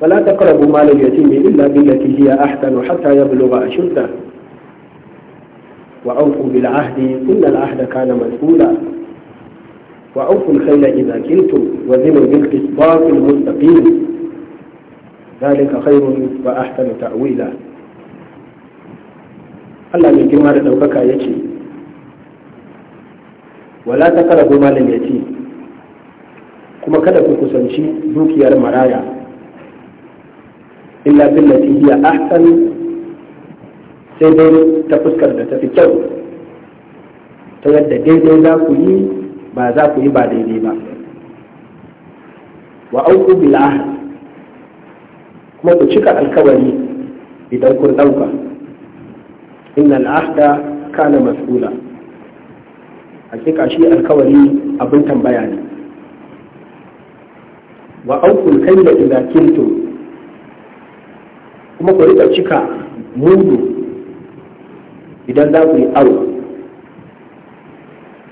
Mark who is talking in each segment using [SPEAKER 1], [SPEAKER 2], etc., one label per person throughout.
[SPEAKER 1] فلا تقربوا مال اليتيم إلا بالتي هي أحسن حتى يبلغ أشده وأوفوا بالعهد إن العهد كان مسؤولا وأوفوا الخيل إذا كلتم وزنوا بالقسطاس المستقيم ذلك خير وأحسن تأويلا ألا من جمار da يتي ولا تقربوا مال اليتيم كما malin yati kuma دوكي المرايا إلا بالتي هي أحسن سيدي تفسكر ذات في الكون تيد ديدي ذاكي ما ذاكي بعدي ديما وأوكو بالعهد كما تشكى الكواني إذا كنت أوكا إن العهد كان مسؤولا أكيد أشياء الكواني أبنتم بياني وأوكو الكيلة إذا كنتم kuma ku rika cika mundu idan za ku yi aro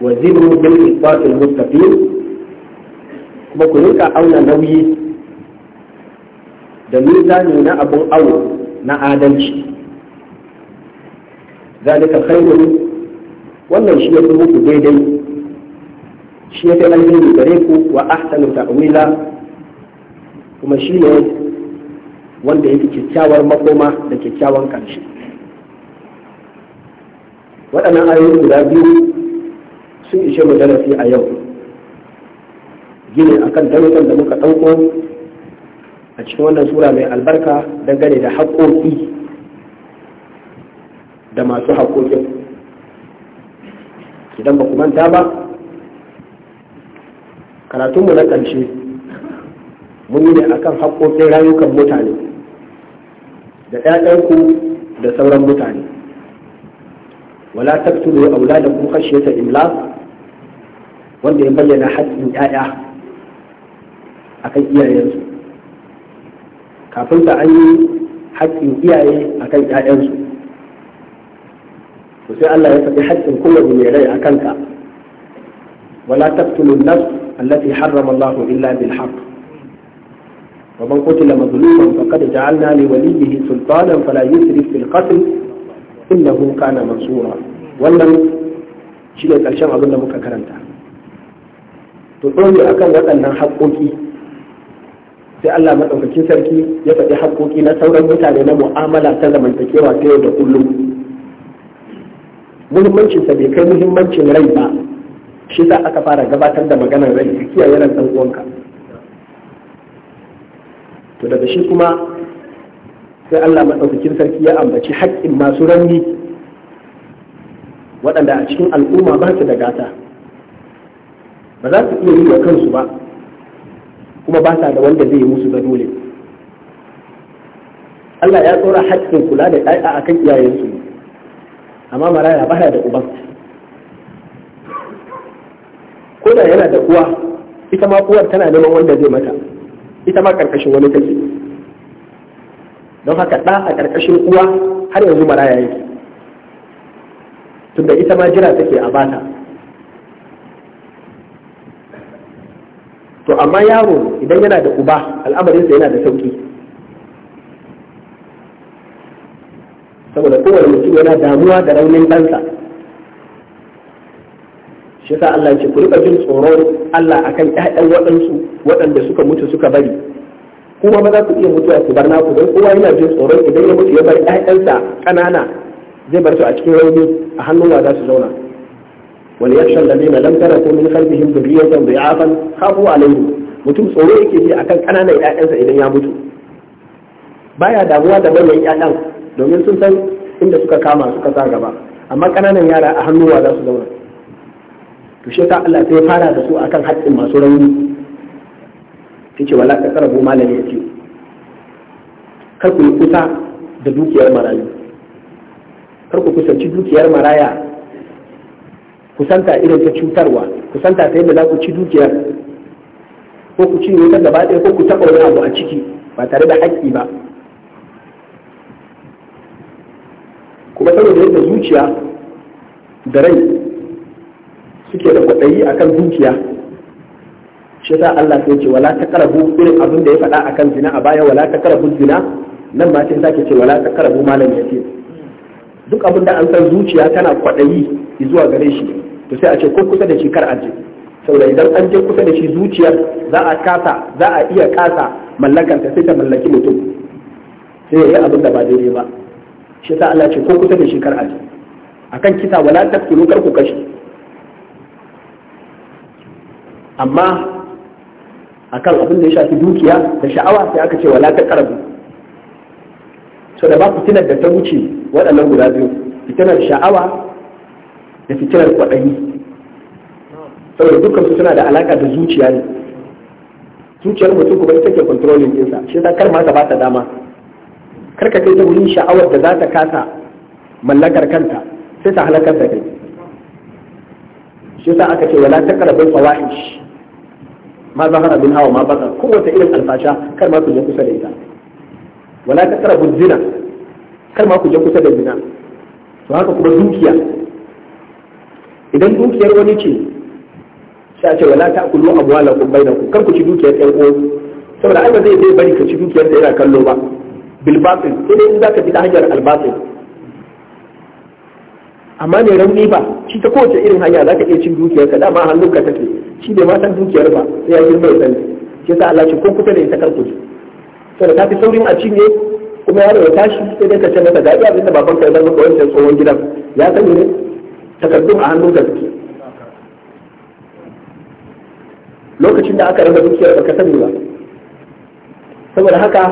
[SPEAKER 1] wa zinu bil iqbatil mustaqim kuma ku rika auna nauyi da mizani na abun aro na adalci zalika khairun wannan shi ya fi muku daidai shi ya fi alheri gare ku wa ahsanu ta'wila kuma shi ne wanda yake kyakkyawar makoma da kyakkyawan ƙarshe waɗannan ayoyi guda biyu sun ishe mu darasi a yau gine akan darussan da muka ɗauko a cikin wannan sura mai albarka dangane da haƙoƙi da masu haƙoƙin idan ba ku manta ba karatunmu na ƙarshe mun yi ne akan haƙoƙin rayukan mutane da ƴaƴanku da sauran mutane wala taqtulu auladakum khashyata imlaq wanda ya bayyana haƙƙin ƴaƴa akan iyayensu kafin ta an yi haƙƙin iyaye akan ƴaƴansu to sai Allah ya faɗi haƙƙin kowane mai rai akan ka wala taqtulu an-nafs allati harrama Allahu illa bil haqq ومن قتل مظلوما فقد جعلنا لوليه سلطانا فلا يسرف في القتل إنه كان منصورا wannan shi ne ƙarshen abin da muka karanta to dole akan waɗannan haƙoƙi sai Allah maɗaukakin sarki ya faɗi haƙoƙi na sauran mutane na mu'amala ta zamantakewa ta yau da kullum muhimmancinsa bai kai muhimmancin rai ba shi sa aka fara gabatar da maganar rai kiyaye ran ɗan uwanka to daga shi kuma sai Allah maɗaukakin sarki ya ambaci haƙƙin masu rauni waɗanda a cikin al'umma ba su da gata ba za su iya yi wa kansu ba kuma ba sa da wanda zai yi musu da dole Allah ya tsora haƙƙin kula da ɗaya a kan iyayensu amma maraya ba da uban ko da yana da uwa ita ma uwar tana neman wanda zai mata ita ma karkashin wani take don haka ɗa a karkashin uwa har yanzu maraya yake tunda ita ma jira take a bata to amma yaro idan yana da uba al'amarinsa yana da sauki saboda kowane mutum yana damuwa da raunin ɗansa shi yasa Allah ya ce ku riƙa jin tsoron Allah akan ƴaƴan waɗansu waɗanda suka mutu suka bari kuma ba za ku iya mutuwa ku bar naku don kowa yana jin tsoron idan ya mutu ya bar ƴaƴansa ƙanana zai bar su a cikin rauni a hannun wa za su zauna Wani shan yakhsha na lam ko min bai afan hafu a laifin, mutum tsoro yake ji akan ƙananan ƴaƴansa idan ya mutu baya damuwa da manyan ƴaƴan domin sun san inda suka kama suka sa gaba amma ƙananan yara a hannuwa za su zauna to shi ta Allah sai fara da su akan haƙƙin masu rauni sai ce wala ka karabu malami ya ce kar ku yi kusa da dukiyar marayu kar ku kusanci dukiyar maraya kusanta irin ta cutarwa kusanta ta yadda za ku ci dukiyar ko ku ci wata gaba ɗaya ko ku taɓa wani abu a ciki ba tare da haƙƙi ba kuma saboda yadda zuciya da rai suke da kwaɗayi akan zuciya? shi sa Allah sai ce wala taqrabu irin abin da ya faɗa akan zina a baya wala taqrabu zina nan ma sai sake ce wala taqrabu malam yatim duk abin da an san zuciya tana kwaɗayi zuwa gare shi to sai a ce ko kusa da shi kar a je saboda idan an je kusa da shi zuciyar za a kasa za a iya kasa ta sai ta mallaki mutum sai ya yi abin da ba daidai ba shi sa Allah ce ko kusa da shi kar a je akan kisa wala taqtulu kar ku kashe amma akan abin da ya shafi dukiya da sha'awa sai aka ce wala ta karabu so da ba fitinar da ta wuce waɗannan guda biyu fitinar sha'awa da fitinar kwaɗayi saboda dukkan su suna da alaka da zuciya ne zuciyar mutum kuma ita ke controlling ɗinsa shi ta kar ma ta ba ta dama kar ka kai ta wurin sha'awar da za ta kasa mallakar kanta sai ta halakar da kai shi yasa aka ce wala ta karabu fawahish ma zahara bin hawa ma baka kowace irin alfasha kar ma ku je kusa da ita wala taqrabu zina kar ma ku je kusa da zina to haka kuma dukiya idan dukiyar wani ce sai a ce wala ta'kulu amwalakum bainakum kar ku ci dukiyar ɗan saboda ai zai bari ka ci dukiyar da yana kallo ba bil batil dai in bi ta hanyar amma ne rauni ba shi ta kowace irin hanya za ka iya cin dukiyarka dama hannunka take shi bai matan dukiyar ba sai ya girma ya sani shi sa Allah ce ko kusa da ita karku saboda ta fi saurin a cinye kuma ya ya tashi sai dai ka ce masa daɗi abinda baban ka ya zama kawai sai tsohon gidan ya sani ne takardun a hannunka take lokacin da aka raba dukiyar ba ka sani ba saboda haka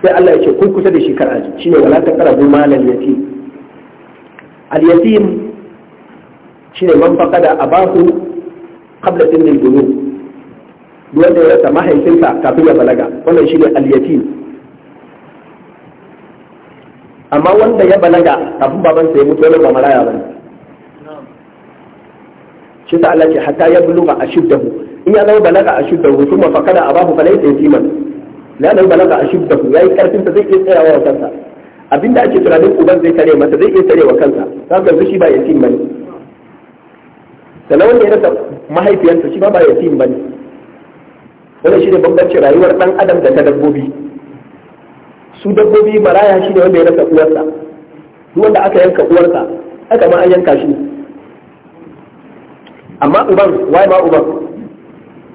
[SPEAKER 1] sai Allah ya ce kun kusa da shi kar aji shine wala taqrabu malal yatim al-yatim shine man faqada abahu qabla sinil bulugh wanda ya rasa mahaifinsa kafin ya balaga wannan shine al-yatim amma wanda ya balaga kafin babansa ya mutu wani ba maraya bane shi sa Allah ce hatta ya buluga ashiddahu in ya zama balaga ashiddahu kuma faqada abahu falaysa yatiman la balaga ashiddahu yayi karfin sa zai iya tsayawa kansa abinda ake tunanin uban zai tare masa zai iya tare wa kansa za ka shi ba yatim bane sannan wanda ya rasa mahaifiyarsa shi ba ba yatim bane wannan shine bambancin rayuwar dan adam da ta dabbobi su dabbobi maraya shine wanda ya rasa uwarsa duk wanda aka yanka uwarsa aka ma an yanka shi amma uban wai ma uban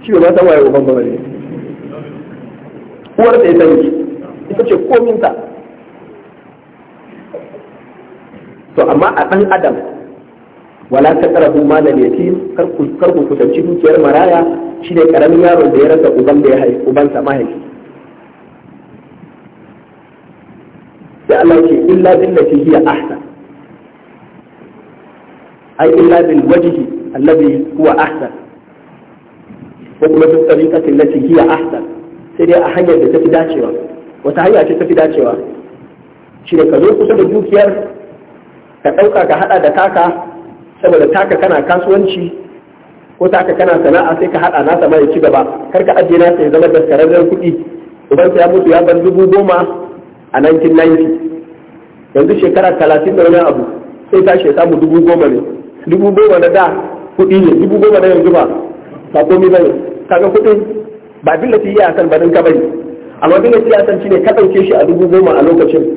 [SPEAKER 1] shi ba san waye uban ba ne uwarsa ya sani ita ce kominta to amma a ɗan adam wala ta karabu malam yatim kar ku kusanci dukiyar maraya Shi ne ƙaramin yaron da ya rasa uban da ya haifi ubansa mahaifi sai Allah ce illa billati hiya ahsan ai illa bil wajhi alladhi huwa ahsan ko kuma bi tariqati allati hiya ahsan sai dai a hanyar da tafi dacewa wata hanya ce tafi dacewa shine ka zo kusa da dukiyar ka ɗauka ka haɗa da taka saboda taka kana kasuwanci ko taka kana sana'a sai ka haɗa nasa mai ci gaba kar ka ajiye nasa ya zama daskararren kuɗi ubansa ya mutu ya bar dubu goma a 1990 yanzu shekara talatin da wani abu sai shi ya samu dubu goma ne dubu goma na da kuɗi ne dubu goma na yanzu ba ba komi ba ne kaga kuɗin ba abin da iya san barin ka bari amma abin da iya san shine ka ɗauke shi a dubu goma a lokacin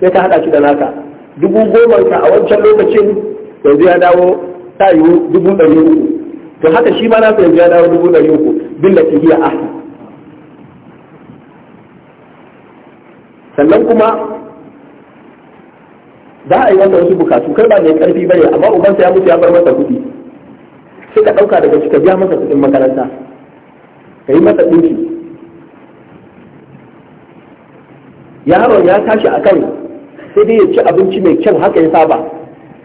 [SPEAKER 1] sai ka haɗa shi da naka dubu goma ka a wancan lokacin yanzu ya dawo ta yiwu dubu ɗari uku to haka shi ma nasa yanzu ya dawo dubu ɗari uku billa ta a ahli sannan kuma za a yi wanda wasu bukatu kai ba mai karfi bane amma ubansa ya mutu ya bar masa kuɗi sai ka ɗauka daga cika ka biya masa kuɗin makaranta ka yi masa ɗinki yaron ya tashi a kan. sai dai ya ci abinci mai kyau haka ya saba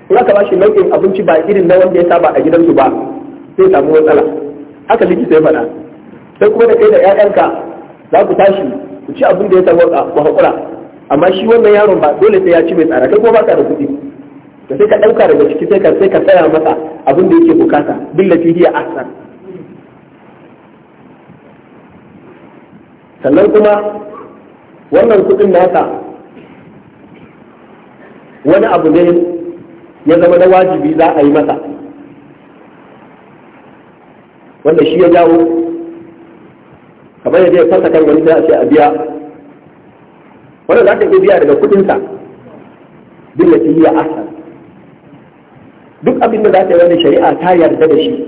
[SPEAKER 1] in aka bashi nau'in abinci ba irin na wanda ya saba a gidansu ba sai samu matsala haka likita ya faɗa sai kuma da kai da 'ya'yanka za ku tashi ku ci abin da ya samu ah, ku haƙura amma shi wannan yaron ba dole sai ya ci mai tsara kai kuma ba ka da kuɗi da sai ka ɗauka daga ciki sai ka sai ka tsaya masa abin da yake bukata billati hiya ahsan sannan kuma wannan kuɗin nasa wani abu ne ya zama na wajibi za a yi masa wanda shi ya jawo kamar yadda ya fasa kan wani sai a ce a biya wanda za ka iya biya daga kudinsa duk da yi a duk abin da za ta yi wani shari'a ta yarda da shi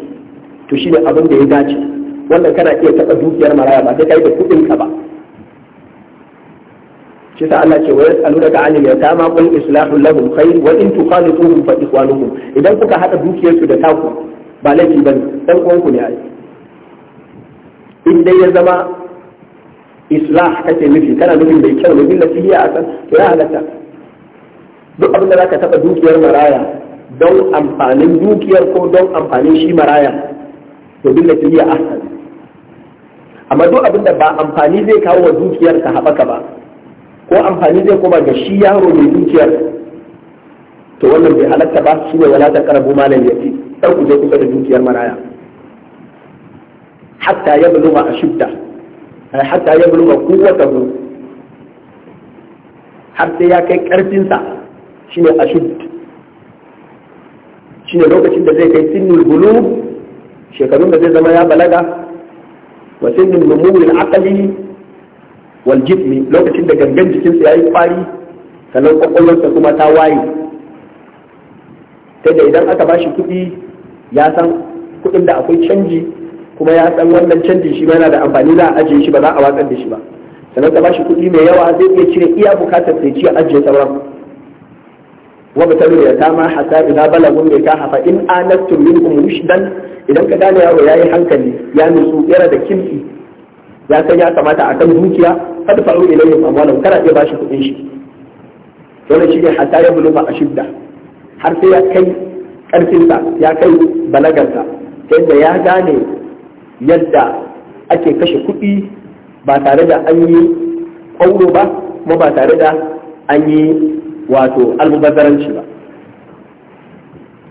[SPEAKER 1] to shi ne abin da ya dace wannan kana iya taɓa dukiyar maraya ba sai ka yi da kudinka ba shi ta Allah ce wa yas'alu ka anil yatama qul islahu lahum khair wa in tukhalituhum fa ikhwanuhum idan kuka hada dukiyarsu da taku ba laifi bane dan uwanku ne ai in dai ya zama islah kake nufi kana nufin bai kyau ne billa fiye a san to ya halatta duk abin da zaka taba dukiyar maraya don amfanin dukiyar ko don amfanin shi maraya to billa fiye a san amma duk abin da ba amfani zai kawo wa dukiyar ka haɓaka ba ko amfani zai koma ga shi yaro mai dukiyar to wannan bai halatta ba shi ne wala ta karabu malam yafi kar ku je kusa da dukiyar maraya hatta ya buluga ashidda eh, hatta ya buluga quwwatahu har sai ya kai karfin sa shine ashidd shine lokacin da zai kai sinnul bulug shekarun da zai zama ya balaga wa sinnul numul aqli waljibni lokacin da gangan jikinsa ya yi kwari sannan kwakwalwarsa kuma ta waye ta da idan aka bashi kuɗi ya san kuɗin da akwai canji kuma ya san wannan canjin shi yana da amfani za a ajiye shi ba za a watsar da shi ba sannan ka bashi kuɗi mai yawa zai iya cire iya bukatar sai ci ajiye sauran wa batalu ta tama hatta idza balagun mai ka hafa in anastum minkum rushdan idan ka gane yaro yi hankali ya nutsu yana da kimki ya san ya kamata a kan dukiya kada fa'u ilayhim amwalam kana iya bashi kuɗin shi dole shi ne hatta ya buluga ashidda har sai ya kai karfinsa ya kai balagarsa sai da ya gane yadda ake kashe kuɗi ba tare da an yi ƙwauro ba kuma ba tare da an yi wato almubazzaranci ba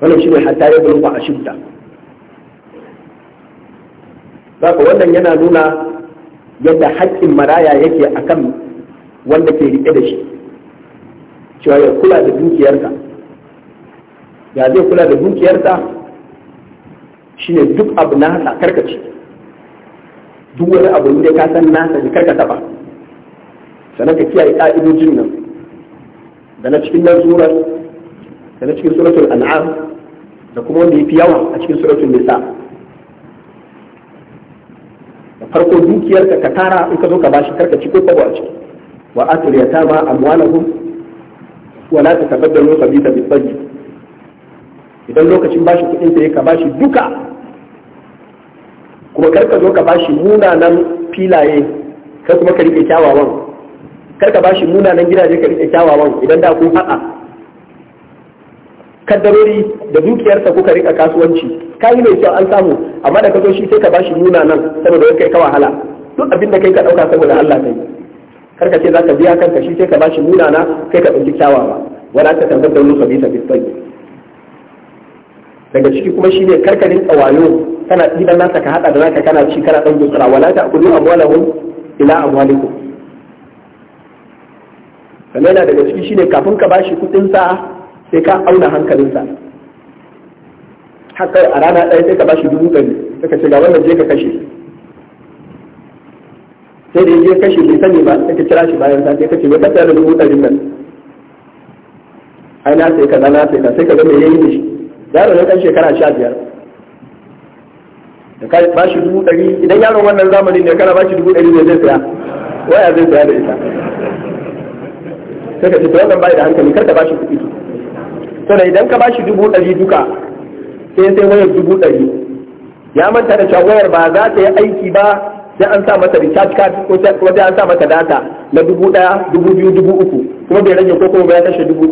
[SPEAKER 1] wannan shi ne hatta ya buluga ashidda Saka wannan yana nuna yadda haƙƙin maraya yake kan wanda ke riƙe da shi cewa ya kula da dukiyarsa ya zai kula da dukiyarsa ne duk abu nasa karkace duk wani abu da ka san nasa ne karkata ba sannan ka kiyaye ƙa'idojin nan da na cikin nan da na cikin suratul an'am da kuma wanda ya fi yawa a cikin suratul nisa' farko dukiyarka ka tara in ka zo ka bashi karka ci ko kwabo a ciki wa atul yatama amwalahum wa la tatabaddalu khabitha bil tayyib idan lokacin bashi kudin sai ka bashi duka kuma karka zo ka bashi munanan filaye kar kuma ka rike kyawawan karka bashi munanan gidaje ka rike kyawawan idan da kun haɗa kaddarori da dukiyarsa kuka rika kasuwanci ka yi mai kyau an samu amma da ka zo shi sai ka bashi nuna nan saboda kai ka wahala duk abin da kai ka dauka saboda Allah kai kar ka ce za ka biya kanka shi sai ka bashi nuna na kai ka dauki kyawawa wala ta tanzar da nusa bisa bisan daga ciki kuma shine kar ka rinka wayo kana idan nasa ka hada da naka kana ci kana dan gutsura wala ta akulu amwalahum ila amwalikum kamar yana daga ciki shine kafin ka bashi kudin sa sai ka auna hankalinsa haka a rana ɗaya sai ka bashi dubu ɗari sai ka ce ga wannan je ka kashe sai da je kashe bai sani ba sai ka kira shi bayan sa sai ka ce wai ka da dubu ɗari nan ai na sai ka na sai ka sai ka ga me yayi da shi yaro ne kan shekara sha biyar da ka ba shi dubu ɗari idan yaron wannan zamanin ne kana ba shi dubu ɗari ne zai saya waya zai saya da ita sai ka ce to wannan bai da hankali kar ka ba shi kuɗi to da idan ka bashi dubu ɗari duka sai sai wayar dubu ɗari ya manta da cewa wayar ba za ta yi aiki ba sai an sa mata recharge card ko sai an sa mata data na dubu ɗaya dubu biyu dubu uku kuma bai rage ko kuma bai kashe dubu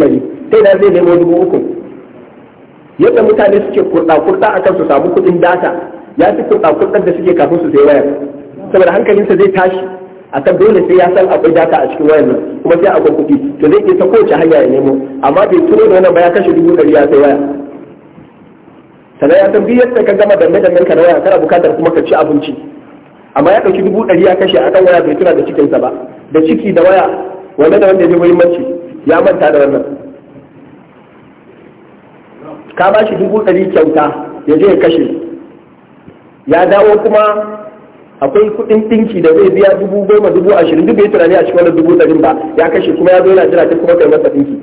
[SPEAKER 1] ɗari sai da zai nemo dubu uku yadda mutane suke kurɗa kurɗa a kan su samu kuɗin data ya fi kurɗa kurɗar da suke kafin su sai wayar saboda hankalinsa zai tashi akan dole sai ya san akwai data a cikin wayar nan kuma sai akwai kuɗi to zai iya ta kowace hanya ya nemo amma bai turo da wannan ba ya kashe dubu ɗari ya sai waya sannan ya san biyar da ka gama danne dannen ka na waya kana bukatar kuma ka ci abinci amma ya ɗauki dubu ɗari ya kashe akan waya bai tura da cikinsa ba da ciki da waya wanda da wanda ya fi muhimmanci ya manta da wannan ka ba shi dubu ɗari kyauta ya je ya kashe ya dawo kuma akwai kuɗin ɗinki da zai biya dubu goma dubu ashirin duk bai tunani a cikin wani dubu ɗarin ba ya kashe kuma ya zo yana jira ta kuma kai masa ɗinki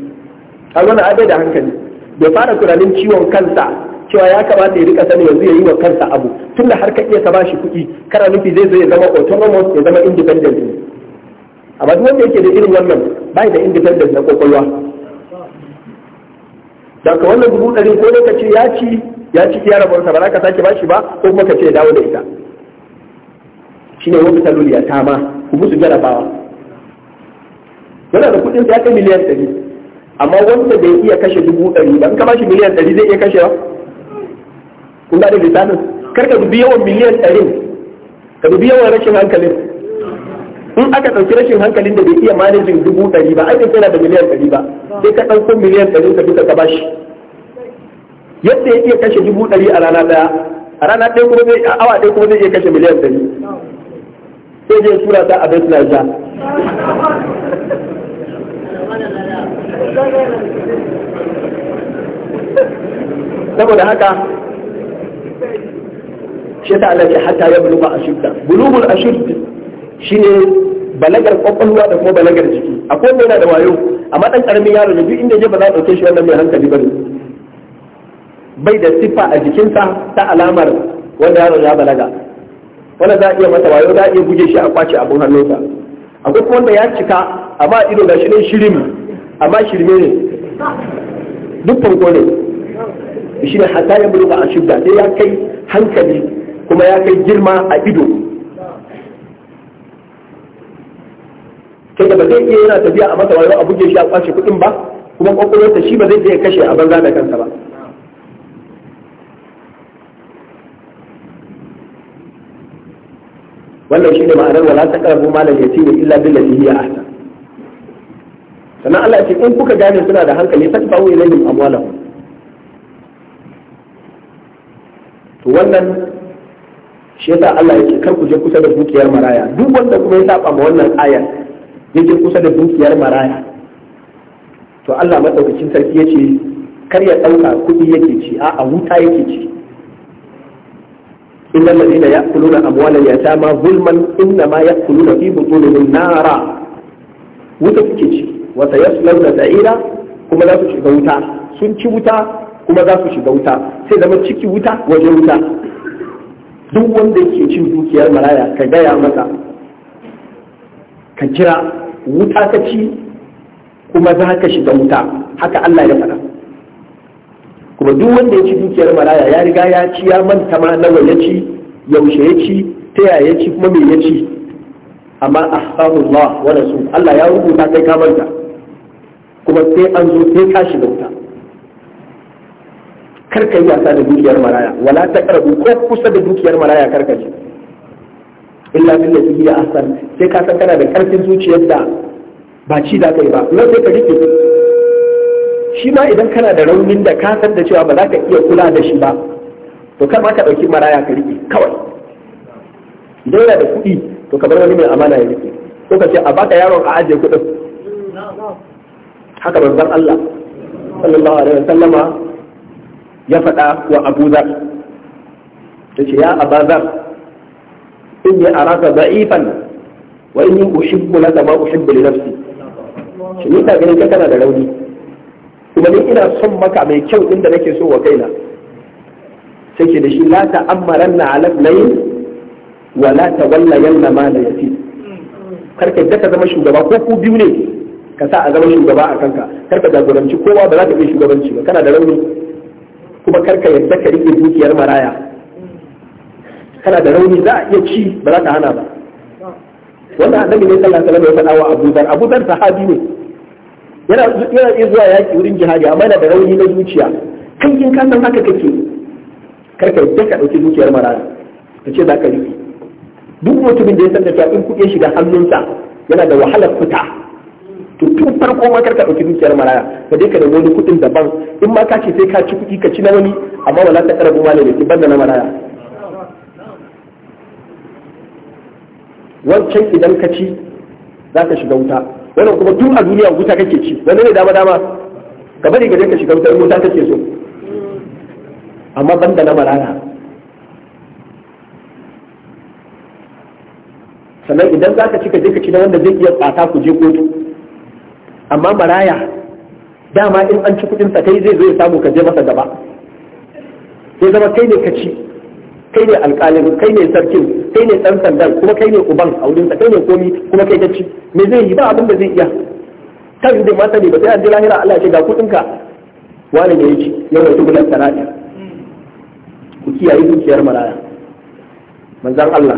[SPEAKER 1] an wannan abai da hankali da fara tunanin ciwon kansa cewa ya kamata ya rika sani yanzu ya yi wa kansa abu tun da har ka iya ka bashi kuɗi kana nufi zai zo ya zama autonomous ya zama independent ne amma duk wanda yake da irin wannan bai da independent na kwakwalwa da ka wannan dubu ɗari ko lokaci ya ci ya ci iya rabonsa ba za ka sake bashi ba ko kuma ka ce ya dawo da ita shine wani talul ya tama ku musu jarabawa yana da kudin ya kai miliyan ɗari amma wanda bai iya kashe dubu ɗari ba in ka bashi miliyan ɗari zai iya kashe kashewa kun da lisanin kar ka dubi yawan miliyan ɗarin ka dubi yawan rashin hankalin in aka ɗauki rashin hankalin da bai iya manajin dubu ɗari ba aikin yana da miliyan ɗari ba sai ka ɗauko miliyan ɗari ka duka ka bashi yadda ya iya kashe dubu ɗari a rana ɗaya a rana ɗaya kuma zai a awa ɗaya kuma zai iya kashe miliyan ɗari sai je tura ta a suna saboda haka shi ta alaƙi hatta ya ba a Bulu bulubul a shi ne balagar ƙwaƙwalwa da kuma balagar jiki akwai mai na da wayo amma ɗan ƙaramin yaro da duk inda je ba za a ɗauke shi wannan mai hankali ba bai da siffa a jikinsa ta alamar wanda yaro ya balaga wanda za a iya masa wayo za a iya buge shi a kwace abin hannunsa akwai kuma wanda ya cika amma ido gashi ne shirin amma shirme ne duk farko ne shi ne hata ya ba a shidda sai ya kai hankali kuma ya kai girma a ido kai da ba zai iya yana tafiya a masa wayo a buge shi a kwace kuɗin ba kuma kwakwalwarsa shi ba zai iya kashe a banza da kansa ba wannan shine ma'anar wala malam ya ce illa billati ya ahsan sannan Allah ya ce in kuka gane suna da hankali fatba'u ilayhim amwalahu to wannan shi yasa Allah ce kar ku je kusa da dukiyar maraya duk wanda kuma ya saba ma wannan ya je kusa da dukiyar maraya to Allah madaukakin sarki ya ce kar ya dauka kuɗi yake ci a'a wuta yake ci إلا الذين يأكلون أموال اليتامى ظلما إنما يأكلون في بطونهم نارا وتفكيش وسيصلون سعيرا كما لا تشي بوتا سنشي وتا كما لا تشي بوتا سيدما تشي وتا وجه وتا duk wanda yake cin dukiyar maraya ka gaya masa ka jira wuta ka ci kuma za ka shiga wuta haka Allah ya faɗa kuma duk wanda ya ci dukiyar maraya ya riga ya ci ya manta ma nawa ya ci yaushe ya ci ta yaya ya ci kuma me ya ci amma ahsanullah wa rasul Allah ya rubuta sai ka manta kuma sai an zo sai ka shiga wuta kar ka yi wasa da dukiyar maraya wala ta karbu ko kusa da dukiyar maraya kar ka ci illa billati ya ahsan sai ka san kana da karfin zuciyar da ba ci da kai ba kuma sai ka rike shi ma idan kana da raunin da ka san da cewa ba za ka iya kula da shi ba to kar ma ka ɗauki maraya ka riƙe kawai idan yana da kuɗi to kamar wani mai amana ya riƙe ko ka ce a baka yaron a ajiye kuɗin haka babban Allah sallallahu alaihi wa sallama ya faɗa wa Abu Dhar ce ya Abu Dhar inni araka da'ifan wa inni uhibbu laka ma uhibbu li nafsi shi ne ka ganin kana da rauni kuma ni ina son maka mai kyau inda nake so wa kaina sai ke da shi la ta'ammaranna ala layin wa la tawallayanna ma la yafi karka da ka zama shugaba ko ku biyu ne ka sa a zama shugaba a kanka karka jagoranci kowa ba za ka iya shugabanci ba kana da rauni kuma karka yadda ka rike dukiyar maraya kana da rauni za a iya ci ba za ka hana ba wannan annabi ne sallallahu alaihi wasallam ya faɗa wa Abu Dhar Abu Dhar sahabi ne yana iya zuwa yaƙi wurin jihadi amma yana da rauni na zuciya kan yin ka san haka kake karka yadda ka dauki zuciyar maraya ka ce za ka riƙe duk mutumin da ya san da cewa in kuɗe shiga hannunsa yana da wahalar fita to tun farko ma karka dauki dukiyar maraya ka je ka da wani kuɗin daban in ma ka ce sai ka ci kuɗi ka ci na wani amma wala ta karabu ma ne da banda na maraya wancan idan ka ci za ka shiga wuta wannan kuma tun a duniya wuta kake ci wannan ne dama dama ka bari ka je ka shiga wutar wuta kake so amma banda na marana sannan idan za ka ci ka je ka ci na wanda zai iya tsata ku je kotu amma maraya dama in an ci kudin sa kai zai zo ya samu ka je masa gaba sai zama kai ne ka ci kai ne alƙalin kai ne sarkin kai ne dan sandan kuma kai ne uban a wurin sa kai ne komi kuma kai ta ci me zai yi ba abin da zai iya kan da mata ne ba sai an ji lahira Allah ya ce ga kudin ka wani ne yake yau da gudan sanadi ku kiyaye dukiyar maraya manzon Allah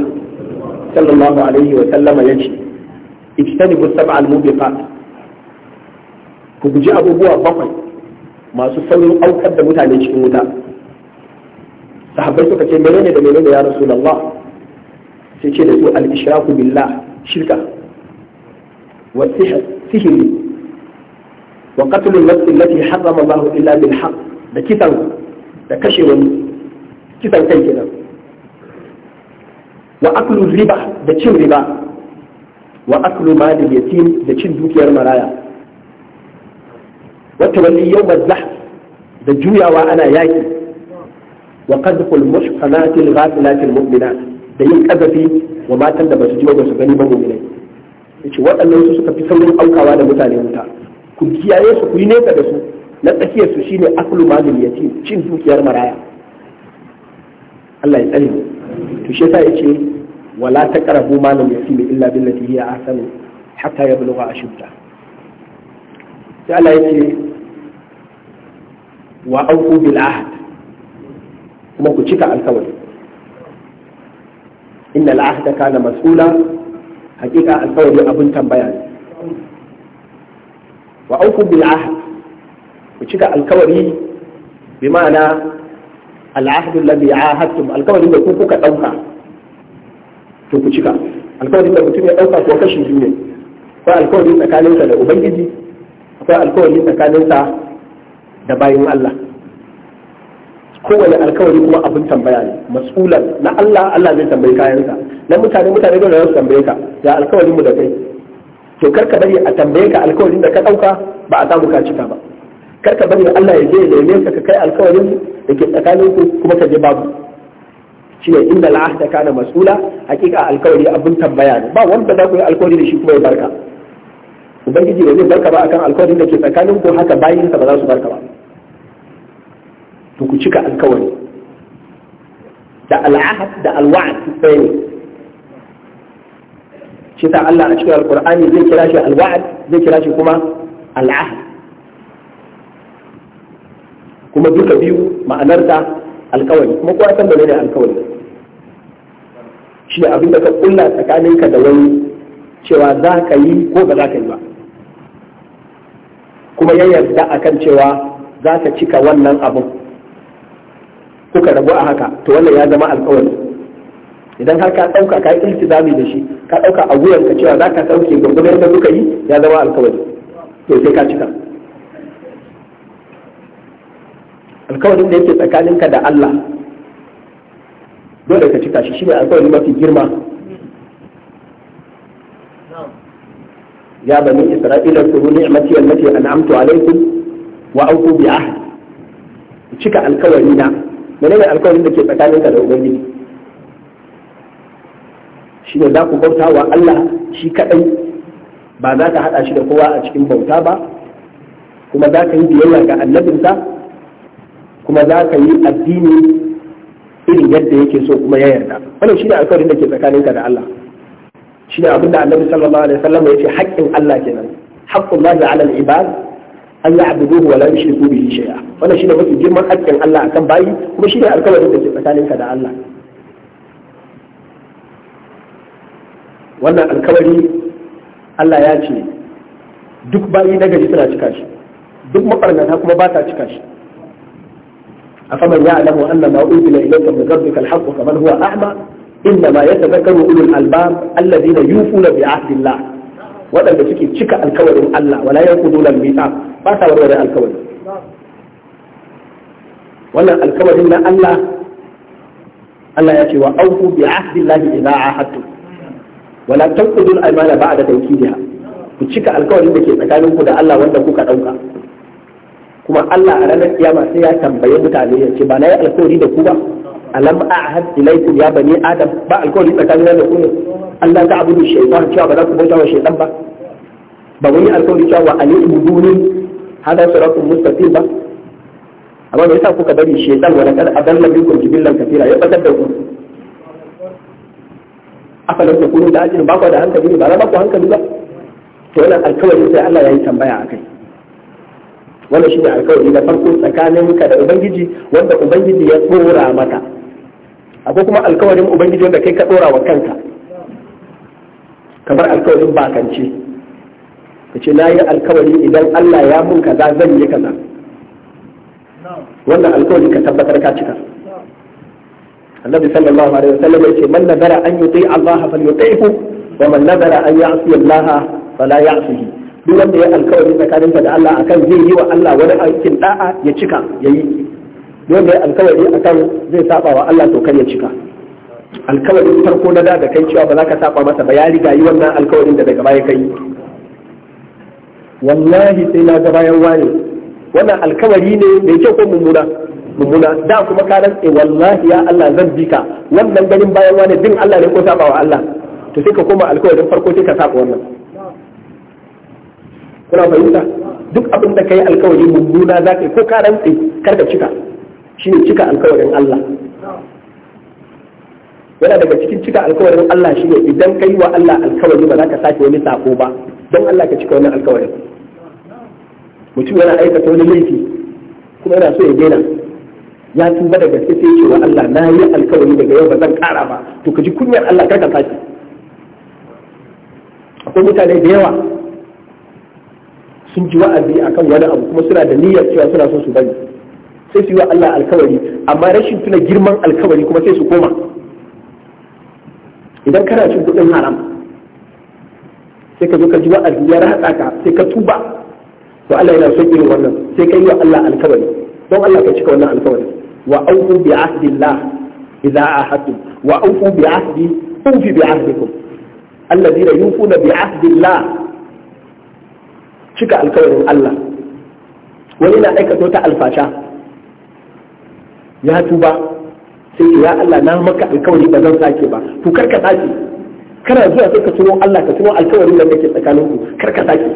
[SPEAKER 1] sallallahu alaihi wa sallama yace ijtanibu sab'a al-mubiqat ku guji abubuwa bakwai masu saurin aukar da mutane cikin wuta sahabbai suka ce menene da menene ya rasulullah sai ce da su al-ishraku billah shirka wa sihiri wa qatlu an-nafs allati harrama Allah illa bil haqq da kisan da kashe wani kisan kai kenan wa aklu riba da cin riba wa aklu mali yatim da cin dukiyar maraya wa tawalli yawm zahf da juyawa ana yaki wa qadful mushqanati al-ghafilatil mu'minat da yin kazafi wa matan da ba su ji ba su gani ba mu'minai yace waɗannan su suka fi saurin aukawa da mutane wuta ku kiyaye su ku yi nesa da su na tsakiyar su shine aklu malil yatim cin dukiyar maraya Allah ya tsare mu to shi yasa yace wala taqrabu malal yatim illa billati hiya ahsanu hatta yablugha ashudda sai Allah yace wa auku bil ahd kuma ku cika alkawari innal ahda kana mas'ula hakika alƙawari abin tambaya ne wa auku bil ahd ku cika alƙawari bi ma'ana al'ahdu alladhi ahadtum alƙawarin da ku kuka dauka to ku cika alƙawarin da mutum ya dauka ko kashi biyu ne akwai alƙawari tsakaninsa da ubangiji akwai alƙawari tsakaninsa da bayin Allah kowane alkawari kuma abin tambaya ne mas'ulan na Allah Allah zai tambayi kayansa na mutane mutane dole za su tambaye ka ya alkawarin mu da kai to kar ka bari a tambaye ka alkawarin da ka dauka ba a samu ka cika ba kar ka bari Allah ya je ya neme ka kai alkawarin da ke tsakanin ku kuma ka je babu shi ne inda la'ahda kana mas'ula hakika alkawari abin tambaya ne ba wanda za ku yi alkawari da shi kuma ya barka ubangiji ba zai barka ba akan alkawarin da ke tsakanin ku haka bayinsa ba za su barka ba to ku cika alkawari da al'ahad da alwa'ad duk ɗaya ne shi ta Allah a cikin alkur'ani zai kira shi alwa'ad zai kira shi kuma al'ahad kuma duka biyu ma'anarta alkawari kuma kowa san da ne alkawari shi ne abin da ka kulla tsakaninka da wani cewa za ka yi ko ba za ka yi ba kuma ya yarda akan cewa za ka cika wannan abin kuka rabu a haka to wannan ya zama alkawari idan har ka ɗauka ka yi iltizami da shi ka ɗauka a wuyanka cewa za ka sauke gwamnati da kuka yi ya zama alkawari to sai ka cika alkawarin da yake tsakaninka da Allah dole ka cika shi shine alkawari mafi girma ya bani isra'ila kuru ni'mati allati an'amtu alaykum wa awfu bi ahdi cika alkawari na menene alkawarin da ke tsakaninka da ubangiji shi ne za ku bauta wa Allah shi kaɗai ba za ka haɗa shi da kowa a cikin bauta ba kuma za ka yi biyayya ga annabinsa kuma za ka yi addini irin yadda yake so kuma ya yarda wannan shi ne alkawarin da ke tsakaninka da Allah shi ne da annabi sallallahu alaihi wasallam ya ce haƙƙin Allah kenan haƙƙun alal ala ibad an ya'buduhu wa la yushriku bihi shay'a wannan shine mafi girman hakkin Allah akan bayi kuma shine alƙawarin da ke tsakaninka da Allah wannan alkawari Allah ya ce duk bayi na gari suna cika shi duk mabarnata kuma ba ta cika shi afaman ya'lamu anna ma unzila ilayka min rabbika al-haqqu kaman huwa a'ma inna ma yatadhakkaru ulul albab alladhina yufuna bi ahdillah waɗanda suke cika alkawarin Allah wala ku lal mithaq ba sa warware alkawari wannan alkawarin na Allah Allah ya ce wa aufu bi ahdillahi idza ahadtu wala tanqudul aymana ba'da tawkidiha ku cika alkawarin da ke tsakaninku da Allah wanda kuka dauka kuma Allah a ranar kiyama sai ya tambaye mutane ya ce ba na yi alkawari da ku ba alam ahad ilaikum ya bani adam ba alkawari tsakanin da ku ne Allah ta abudu shaytan cewa ba za ku bauta wa shaytan ba ba wani alkawari cewa wa ali ibuduni hada siratul mustaqim ba amma me yasa kuka bari shaytan wa laqad adalla bikum jibillan kathira ya batar da ku afalan takunu da ajin ba ku da hankali ne ba za ku hankali ba to wannan alkawari sai Allah ya yi tambaya akai wannan shine alkawari da farko tsakanin ka da ubangiji wanda ubangiji ya tsora maka akwai kuma alkawarin ubangiji wanda kai ka dora wa kanka kamar alkawarin bakanci. ka ce na yi alkawari idan Allah ya mun kaza zan yi kaza wannan alkawari ka tabbatar ka cika annabi sallallahu alaihi wasallam ya ce man nazara an yuti Allah fa yuti'hu wa man nazara an ya'si Allah fa la ya'sihi duk wanda ya alkawari tsakaninsa da Allah akan zai yi wa Allah wani aikin da'a ya cika yayi wanda alkawari akan zai saba wa Allah to kar ya cika alkawari farko na da kai cewa ba za ka saba masa ba ya riga yi wannan alkawarin da daga baya kai wallahi sai na ga bayan wani wannan alkawari ne mai kyau ko mummuna mummuna da kuma ka rantsa wallahi ya Allah zan bi ka wannan ganin bayan wani bin Allah ne ko saba wa Allah to sai ka koma alkawarin farko sai ka saba wannan kuna fahimta duk abin da kai alkawari mummuna za ka yi ko ka rantsa kar ka cika shi ne cika alkawarin Allah yana daga cikin cika alkawarin Allah shi ne idan ka yi wa Allah alkawari ba za ka sake wani sako ba don Allah ka cika wannan alkawarin mutum yana aikata wani laifi kuma yana so ya daina ya tuba da gaske sai ce Allah na yi alkawari daga yau ba zan kara ba to ka ji kunyar Allah kar ka sake akwai mutane da yawa sun ji wa'azi akan wani abu kuma suna da niyyar cewa suna so su bari sai su yi wa Allah alkawari amma rashin tuna girman alkawari kuma sai su koma idan kana cin kuɗin haram sai ka zo ka ji wa ya ratsa ka sai ka tuba to Allah yana son irin wannan sai ka yi wa Allah alkawari don Allah ka cika wannan alkawari wa aufu bi ahdillah idza ahadtum wa aufu bi ahdi ufi bi ahdikum alladhina yufuna bi ahdillah cika alkawarin Allah wani na aikata wata alfasha ya tuba sai ya Allah na maka alkawari ba zan sake ba to kar ka sake kana zuwa sai ka tuno Allah ka tuno alkawarin da kake tsakanin ku kar ka sake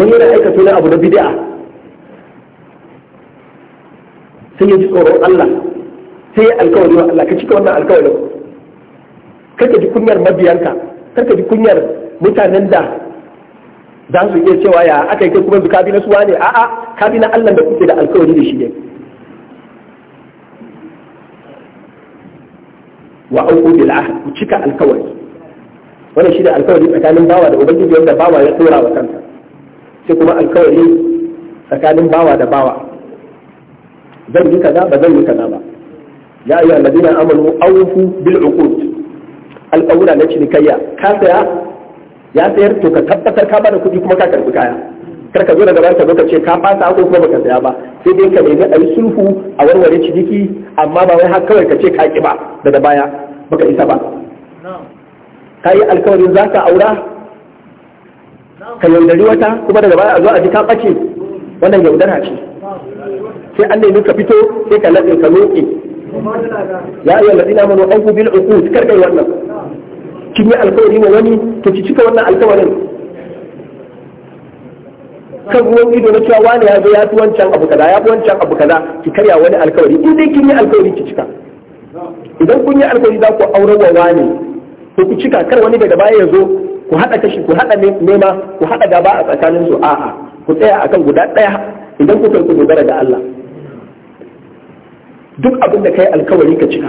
[SPEAKER 1] wani yana aika wani abu na bid'a sai ya ji tsoron Allah sai ya alkawari wa Allah ka cika wannan alkawarin kar ka ji kunyar mabiyanka kar ka ji kunyar mutanen da za su iya cewa ya aka yi kuma bi kabi na suwa ne a'a kabi na Allah da kuke da alkawari da shi ne wa auku bil ahd ku cika alkawari wannan shi da alkawari tsakanin bawa da ubangiji wanda bawa ya tsora wa kansa sai kuma alkawari tsakanin bawa da bawa zan yi kaza ba zan yi kaza ba ya ayyuhal ladina amanu awfu bil uqud alqawla na cinikayya ka saya ya sayar to ka tabbatar ka bada kuɗi kuma ka karɓi kaya kar ka zo daga baya ka zo ka ce ka fasa ko kuma baka saya ba sai dai ka nemi ayi sulhu a warware ciniki amma ba wai har kawai ka ce ka ki ba daga baya baka isa ba ka yi alkawarin za ka aura ka yaudari wata kuma daga baya a zo a ji ka ɓace wannan yaudara ce sai an nemi ka fito sai ka laɗe ka loƙe ya ayyuhal ladina amanu awfu bil uqud kar yi wannan kin yi alkawari wa wani to ki cika wannan alkawarin kan ruwan ido na cewa wani ya zo ya fi wancan abu kaza ya fi wancan abu kaza ki karya wani alkawari in dai kin yi alkawari ki cika idan kun yi alkawari za ku aure wa wani to ku cika kar wani daga baya ya zo ku haɗa kashi ku haɗa nema ku haɗa gaba a tsakanin su a'a ku tsaya akan guda ɗaya idan ku kai ku dogara ga Allah duk abin da kai alkawari ka cika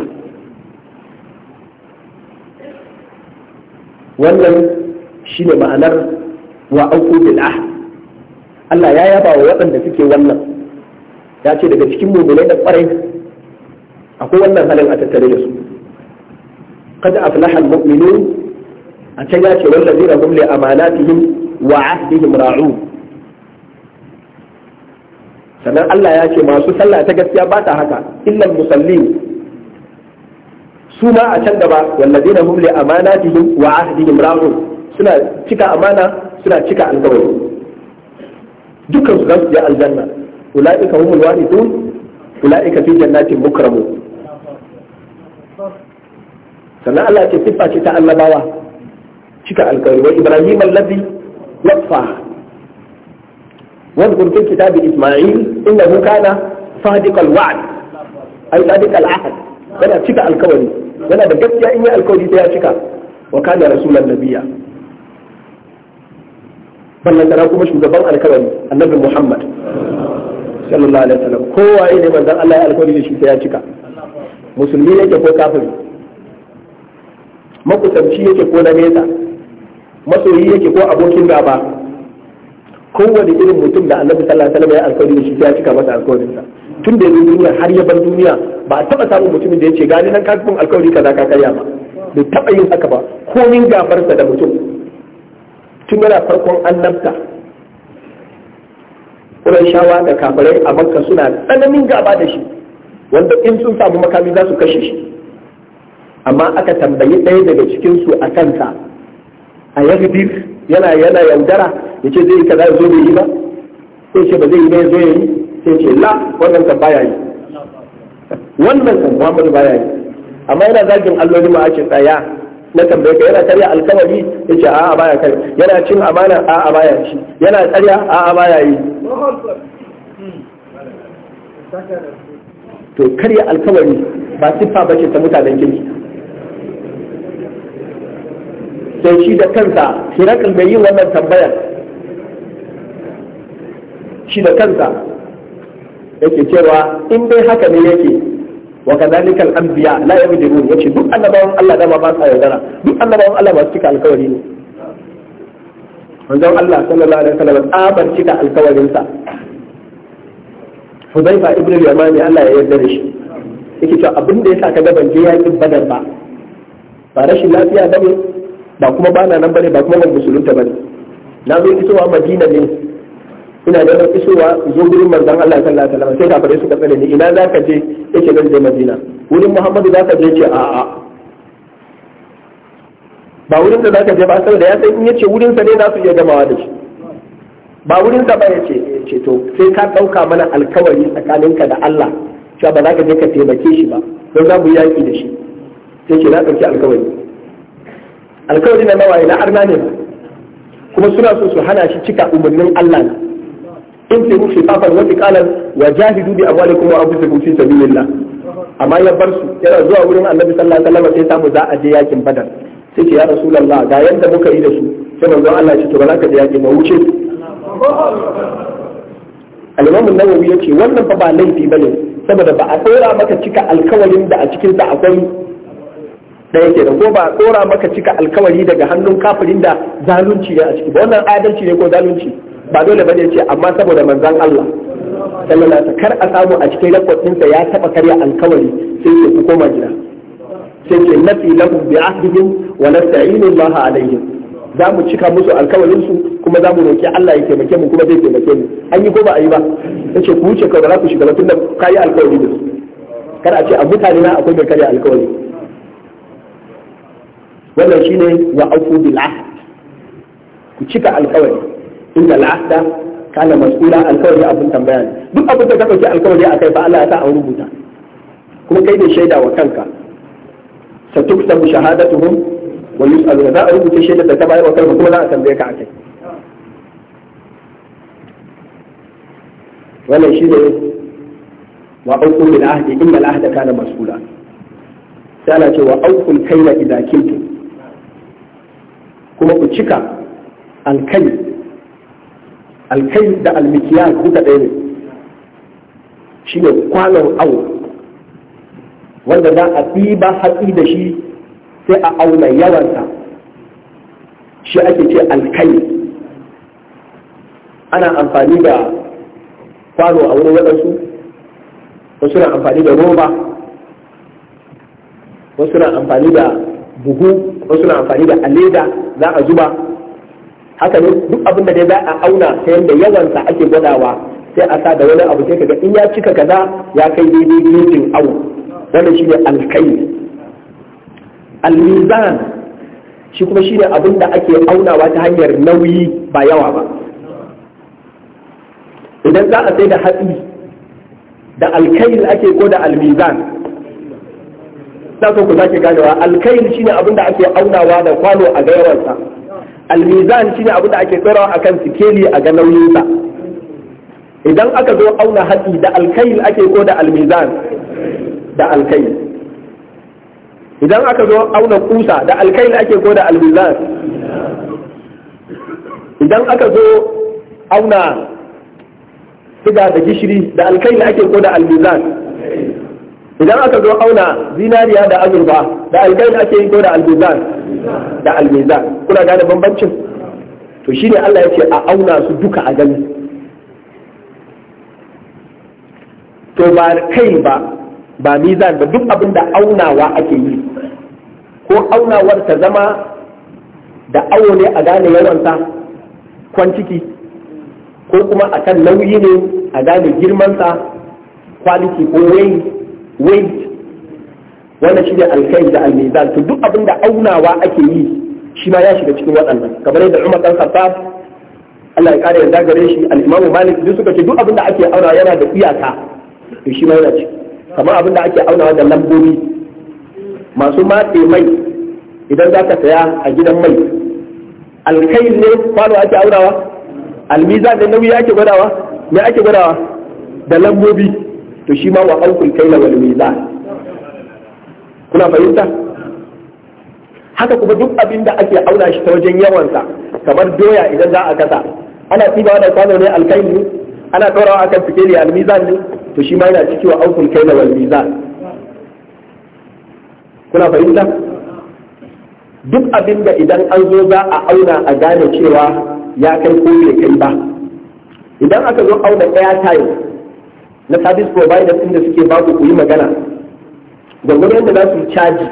[SPEAKER 1] wannan shi ne ma'anar wa auku bil Allah ya yaba wa waɗanda suke wannan ya ce daga cikin mummunai da ƙwarai akwai wannan halin a tattare da su qad aflaha al-mu'minun a can ya ce wallazina hum li amanatihim wa 'ahdihim ra'un sannan Allah ya ce masu sallah ta gaskiya ba ta haka illal musallin su ma a can gaba wallazina hum li amanatihim wa ahdihim ra'un suna cika amana suna cika alƙawari dukkan su za su je aljanna ulaika humul warithun ulaika fi jannatin mukramun sannan Allah ce siffa ce ta annabawa cika alƙawari wa ibrahim allazi wafa واذكر في كتاب اسماعيل انه كان صادق الوعد اي صادق العهد yana cika alkawari yana da gaskiya in yi alkawari ta ya cika wa kana rasulan nabiya ballan tara kuma shugaban alkawari annabi Muhammad sallallahu alaihi wasallam kowaye ne manzon Allah ya alkawari da shi sai ya cika musulmi yake ko kafiri makusanci yake ko na nesa masoyi yake ko abokin gaba kowane irin mutum da annabi sallallahu alaihi wasallam ya alkawari da shi sai ya cika masa sa tun da ya duniya har ya bar duniya ba a taba samun mutumin da ya ce gani nan kafin alkawari kaza ka karya ba bai taba yin haka ba komin gafarsa da mutum tun yana farkon annabta shawa da kafirai a makka suna tsananin gaba da shi wanda in sun samu makami za su kashe shi amma aka tambayi ɗaya daga cikinsu a kanta a yagdir yana yana yaudara ya ce zai yi kaza zo bai yi ba sai ce ba zai yi ba zo ya yi sai ce la wannan kan baya yi wannan kan Muhammadu baya yi amma yana zagin alloli ma ake tsaya na tambaye ka yana karya alkawari yace a'a baya kai yana cin amana a'a baya shi, yana karya a'a baya yi to karya alkawari ba siffa bace ta mutanen kirki sai shi da kansa hirakal mai yin wannan tambaya shi da kansa yake cewa in dai haka ne yake wa kadhalika al-anbiya la yabdirun yace duk annabawan Allah da ba sa yaudara duk annabawan Allah ba cika alkawari ne manzon Allah sallallahu alaihi wasallam tsabar cika alkawarin sa Hudayfa ibn al-Yamani Allah ya yarda da shi yake cewa abin da yasa ka ga ban je yakin Badar ba ba rashin lafiya bane ba kuma bana nan bane ba kuma ban musulunta bane na zo isowa Madina ne ina da isowa zo gurin manzon Allah sallallahu alaihi wasallam sai kafare suka tsare ni ina ka je yake zan je Madina wurin Muhammadu za ka je ce a a ba wurin da za ka je ba saboda ya san in yace wurin sa ne za su iya gamawa da shi ba wurin sa ba yace ce to sai ka dauka mana alkawari tsakaninka da Allah cewa ba za ka je ka taimake shi ba don za mu yaki da shi sai ce na dauki alkawari alkawari na nawa ina arna ne kuma suna so su hana shi cika umarnin Allah ne In infiru shifafan wa tiqalan wa jahidu bi amwalikum wa anfusikum fi sabilillah amma ya bar su yana zuwa wurin annabi sallallahu alaihi wasallam sai samu za a je yakin badar sai ce ya rasulullah ga yanda muka yi da su sai manzon Allah ya ce to ba za ka je yakin ba wuce al-imam an-nawawi yace wannan fa ba laifi bane saboda ba a tsora maka cika alkawarin da a cikin sa akwai da yake da ko ba a tsora maka cika alkawari daga hannun kafirin da zalunci ne a ciki ba wannan adalci ne ko zalunci ba dole bane ce amma saboda manzan Allah sallallahu alaihi kar a samu a cikin rakwatinsa ya taba karya alkawari sai ce ku koma gida sai ce nafi lahum bi ahdihim wa nasta'inu Allah alaihim za mu cika musu alkawarin su kuma za mu roki Allah ya taimake mu kuma zai taimake mu an yi ko ba a yi ba ce ku wuce ka za ku shiga ba tunda yi alkawari da su kar a ce a mutane na akwai mai karya alkawari wannan shine wa afu bil ahd ku cika alkawari inda al'ahda kana mas'ula alkawari abin tambaya ne duk abin da ka dauki alkawari akai fa Allah ya sa an rubuta kuma kai ne shaida wa kanka satuktabu shahadatuhum wa yus'alu za a rubuta shaida da ka bayar wa kanka kuma za a tambaye ka akai wannan shi ne wa aukun bil ahdi inna al ahda kana mas'ula sai ana cewa aukun kaina idza kintu kuma ku cika alkali alkai da almikiyar duka ɗaya ne shi ne kwanon awo wanda za a ɗiba hatsi da shi sai a auna yawansa shi ake ce alkai ana amfani da kwano a wurin waɗansu wasu na amfani da roba wasu na amfani da buhu wasu na amfani da aleda za a zuba haka ne duk abin da dai za a auna ta yadda yawansa ake gwadawa sai a sa da wani abu sai kaga in ya cika kaza ya kai daidai gejin awo wannan shine alkai mizan shi kuma shine abin da ake aunawa ta hanyar nauyi ba yawa ba idan za a sai da hatsi da alkail ake ko da almizan na so ku sake ganewa alkail shine abin da ake aunawa da kwano a ga yawansa almizan shi ne abin da ake a kan sikeli a ga nauyinsa idan aka zo auna haɗi da alkail ake ko da almizan da alkail idan aka zo auna kusa da alkail ake ko da almizan idan aka zo auna siga da gishiri da alkail ake ko da almizan idan aka zo auna zinariya da azurfa da alkain ake yi ko da albizan da albizan kuna gane bambancin to shine Allah ya ce a auna su duka a gani to ba kai ba ba mizan ba duk abin da aunawa ake yi ko aunawar ta zama da awo ne a gane yawansa kwanciki ko kuma a kan nauyi ne a gane girmansa kwaliki ko weight wannan shi ne alkai da almizan to duk abin da aunawa ake yi shi ma ya shiga cikin waɗannan kamar yadda Umar dan Khattab Allah ya kare yarda gare shi al-Imam Malik duk suka ce duk abin da ake aunawa yana da iyaka to shi ma yana ci kamar abin da ake aunawa da lambobi masu matse mai idan za ka saya a gidan mai alkai ne kwano ake aunawa almizan ne nauyi ake gwadawa me ake gwadawa da lambobi to shi ma wa alkul kaila wal mizan kuna fahimta haka kuma duk abin da ake auna shi ta wajen yawansa kamar doya idan za a kasa ana tsibawa da kwano ne alkail ne ana ɗorawa akan fikiri almizan ne to shi ma yana ciki wa alkul kaila wal mizan kuna fahimta duk abin da idan an zo za a auna a gane cewa ya kai ko bai kai ba idan aka zo auna airtime na service provider din da suke baku ku yi magana Gwamnati yadda za su yi caji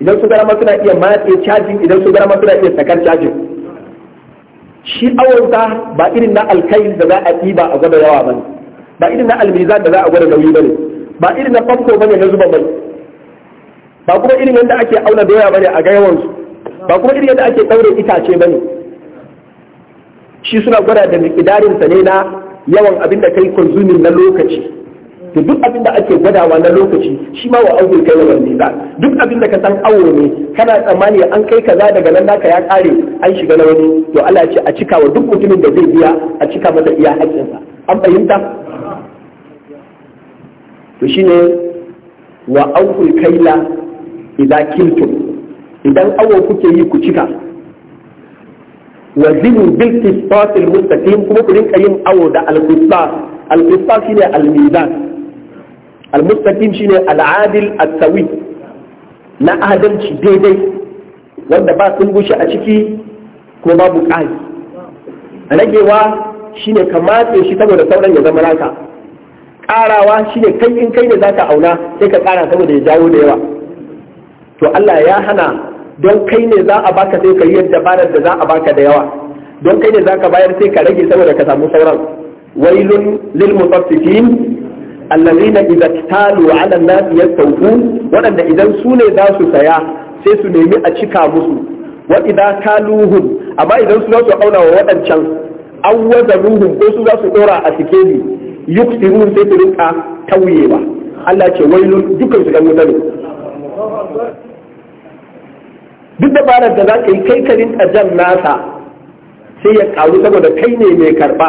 [SPEAKER 1] idan su garama suna iya matse caji idan su garama suna iya sakar cajin shi awonsa ba irin na alkail da za a ɗiba a gwada yawa ba ne ba irin na almizan da za a gwada nauyi ba ne ba irin na famko ba ne na zuba mai ba kuma irin yadda ake auna doya ba ne a ga ba kuma irin yadda ake ɗaure itace ba ne shi suna gwada da sa ne na yawan abin da kai konsumin na lokaci to duk abin da ake gwadawa na lokaci shi ma wa aure kai wannan ba. duk abin da ka san awo ne kana tsammani an kai kaza daga nan naka ya kare an shiga na wani to Allah ya ce a cika wa duk mutumin da zai biya a cika masa iya haƙƙinsa an fahimta to shine wa aure kaila idan kiltum idan awo kuke yi ku cika wa zinu bil qistas kuma ku rinka yin awo da al qistas al qistas shine al mizan al mustaqim shine al adil al sawi na adalci daidai wanda ba sun gushe a ciki kuma babu ƙari ragewa shine ka matse shi saboda sauran ya zama naka ƙarawa shine kai in kai ne zaka auna sai ka ƙara saboda ya jawo da yawa to Allah ya hana don kai ne za a baka sai ka yi yadda barar da za a baka da yawa don kai ne za ka bayar sai ka rage saboda ka samu sauran wailun lil mutaffifin allazina idza talu ala an-nas yastawfun wadanda idan su ne za su saya sai su nemi a cika musu wa idza kaluhum amma idan su za su auna wa wadancan an ko su za su dora a sikeli yuksirun sai su rinka tauyewa Allah ce wailun dukkan su ga wuta duk dabarar da za ka yi kai karin ajan nasa sai ya karu saboda kai ne mai karba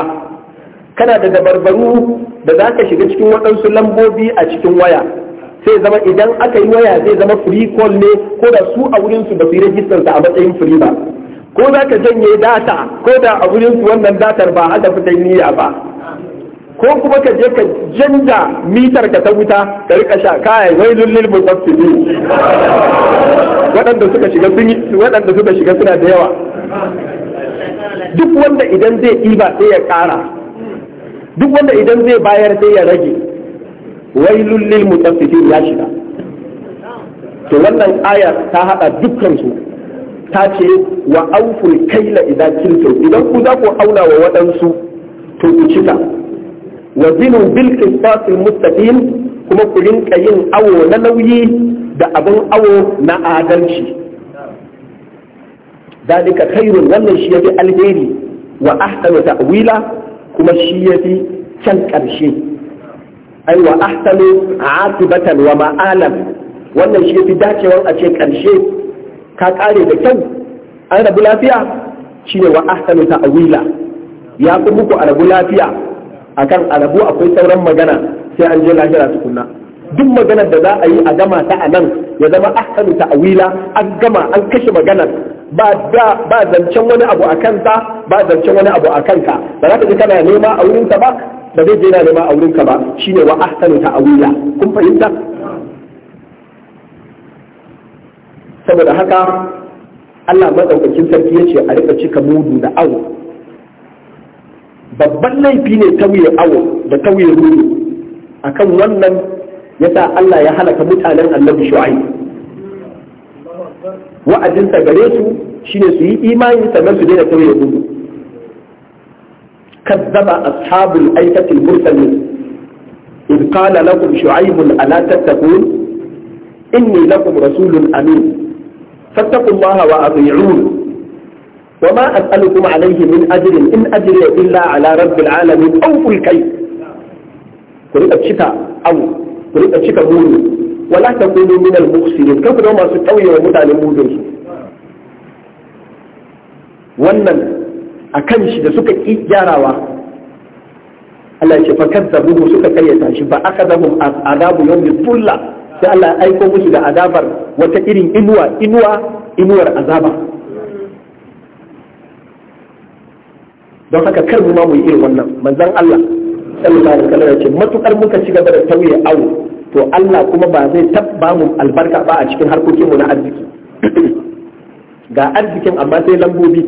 [SPEAKER 1] kana da dabarbaru da za ka shiga cikin waɗansu lambobi a cikin waya sai zama idan aka yi waya zai zama free call ne ko da su a wurinsu ba su yi rajistarsa a matsayin free ba ko za ka janye data ko da a wurinsu wannan datar ba aka fi niyya ba ko kuma ka je ka janja mitar ka ta wuta ka rika sha kai wai lullul mutaffili wadanda suka shiga sun waɗanda suka shiga suna da yawa duk wanda idan zai ɗiba sai ya ƙara duk wanda idan zai bayar sai ya rage wai lullul mutaffili ya shiga to wannan ayar ta haɗa dukkan su ta ce wa auful kaila idan kiltum idan ku za ku auna wa waɗansu to ku cika wa bil qisatil mustaqim kuma ku rinka yin awo na nauyi da abin awo na adalci dalika khairun wannan shi yafi alheri wa ahsanu ta'wila kuma shi yafi can karshe ai wa ahsanu atibatan wa ma'alam wannan shi yafi dacewa a ce karshe ka kare da kyau an rabu lafiya shine wa ahsanu ta'wila ya fi muku a rabu lafiya akan arabu akwai sauran magana sai an je lahira tukunna duk maganar da za a yi a gama ta a nan ya zama ahsanu ta'wila an gama an kashe maganar ba da ba zancen wani abu a kanta ba zancen wani abu a kanka ba za ka ji kana nema a wurinka ba ba zai je na nema a wurinka ba shine wa ahsanu ta'wila kun fahimta saboda haka Allah madaukakin sarki yace a rika cika mudu da awu babban laifi ne tauye awo da tauye ruhu akan wannan yasa Allah ya halaka mutanen annabi shu'aib wa'adinsa gare su shine su yi imani sannan su daina tauye ruhu كذب ashabul الأيكة المرسلين إذ قال لهم شعيب ألا تتقون إني لكم رسول أمين فاتقوا الله وأطيعون وما أسألكم عليه من أجر إن أجري إلا على رب العالمين أوفوا الكيل كنت أتشكى أو كنت أتشكى مولي ولا تكونوا من المخسرين كيف ما ستوي ومتعني مولي wannan a kan shi da suka ƙi gyarawa Allah ce fakar zabuhu suka karyata shi ba aka zabu azabu yau mai tulla sai Allah aiko musu da azabar wata irin inuwa inuwa inuwar azaba don haka kar mu ma mu yi irin wannan manzan Allah sallallahu alaihi wasallam yace matukar muka ci gaba da tauye awu to Allah kuma ba zai tabba mu albarka ba a cikin harkokin mu na arziki ga arzikin amma sai lambobi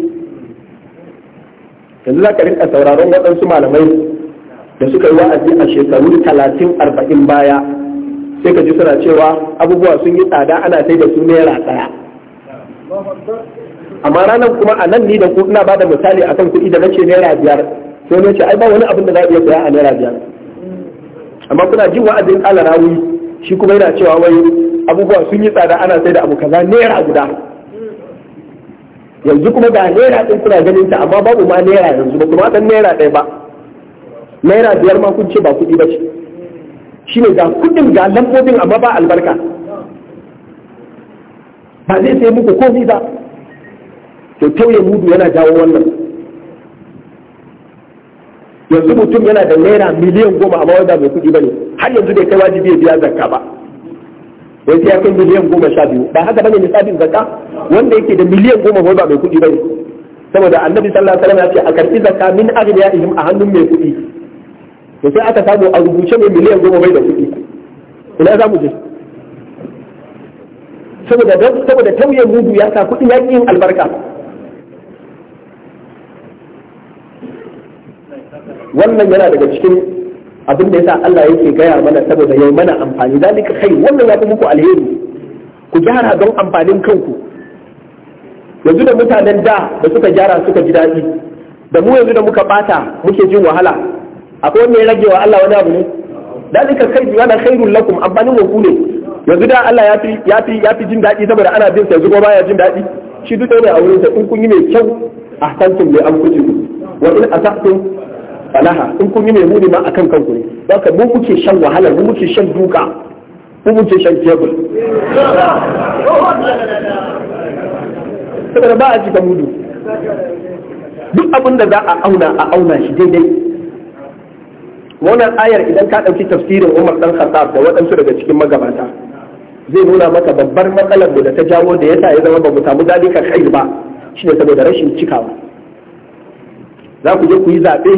[SPEAKER 1] yanzu za ka rinka sauraron waɗansu malamai da suka yi wa'azi a shekaru talatin arba'in baya sai ka ji suna cewa abubuwa sun yi tsada ana sai da su naira ɗaya amma ranar kuma a nan ni da ku ina bada misali akan kuɗi da nace naira biyar ne ce ai ba wani abin da za iya saya a naira biyar amma kuna jin wa'azin kala rawi shi kuma yana cewa wai abubuwa sun yi tsada ana sai da abu kaza naira guda yanzu kuma ga naira ɗin kuna ganin ta amma babu ma naira yanzu ba kuma san naira ɗaya ba naira biyar ma kun ce ba kuɗi ba ce shine ga kuɗin ga lambobin amma ba albarka ba zai sai muku komai ba to tauye mudu yana jawo wannan yanzu mutum yana da naira miliyan goma amma wanda mai kuɗi ba ne har yanzu bai kai wajibi ya biya zakka ba wai sai ya kai miliyan goma sha biyu ba haka bane misalin zakka wanda yake da miliyan goma wanda mai kuɗi ba ne saboda annabi sallallahu alaihi wasallam ya ce a karbi zakka min aghniyaihim a hannun mai kuɗi to sai aka samu a rubuce mai miliyan goma bai da kuɗi ina za mu je saboda saboda tauye mudu ya sa kuɗi ya yin albarka wannan yana daga cikin abin da yasa Allah yake gaya mana saboda yau mana amfani zalika kai wannan ya fi muku alheri ku gyara don amfanin kanku yanzu da mutanen da da suka gyara suka ji daɗi da mu yanzu da muka bata muke jin wahala akwai wanda ya rage wa Allah wani abu ne dalika kai yana khairul lakum amfanin ku ne yanzu da Allah ya fi ya fi ya fi jin daɗi saboda ana bin sa yanzu ko baya jin daɗi shi duk ne a wurin sa in kun yi mai kyau ahsantum bi anfusikum wa in asahtum falaha in kun yi mai muni ma akan kanku ne baka mu muke shan wahala mu muke shan duka mu muke shan tebul
[SPEAKER 2] saboda ba a cika mudu
[SPEAKER 1] duk abin da za a auna a auna shi daidai wannan ayar idan ka ɗauki tafsirin Umar dan Khattab da waɗansu daga cikin magabata zai nuna maka babbar matsalar da ta jawo da yasa ya zama ba mu samu dalika kai ba shine saboda rashin cikawa za ku je ku yi zaɓe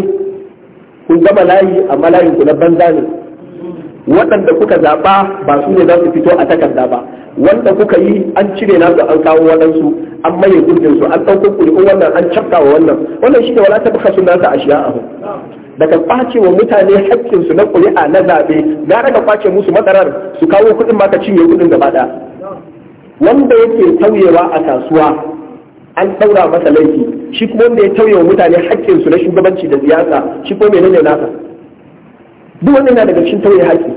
[SPEAKER 1] kun gama layi a layin ku na banza ne waɗanda kuka zaɓa ba su ne za su fito a takarda ba wanda kuka yi an cire su an kawo waɗansu an maye gurbin su an ɗauko kuri'un wannan an cakka wa wannan wannan shi ne wala taɓa kasu nasa a shi'a daga kwace wa mutane haƙƙinsu na ƙuri'a na zaɓe na daga kwace musu matsalar su kawo kuɗin ma ka cinye kuɗin gaba ɗaya wanda yake tauyewa a kasuwa an ɗaura masa laifi shi kuma wanda ya tauye wa mutane haƙƙinsu su na shugabanci da siyasa shi kuma menene nasa duk wannan yana daga cikin tauye haƙƙi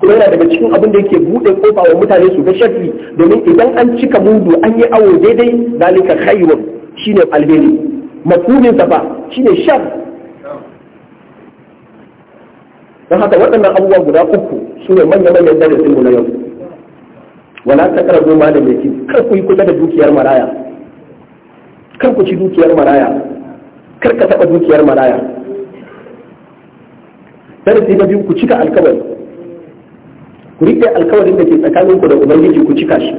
[SPEAKER 1] kuma yana daga cikin abin da yake buɗe kofa wa mutane su ga sharri domin idan an cika mudu an yi awo daidai dalika khairun shine alheri makumin sa fa shine shar don haka waɗannan abubuwa guda uku su ne manya-manyan darasin mu na yau wala ta karabu ma da mai kar ku yi kusa da dukiyar maraya kar ku ci dukiyar maraya kar ka taɓa dukiyar maraya darasi na biyu ku cika alkawari ku riƙe alkawarin da ke tsakanin ku da ubangiji ku cika shi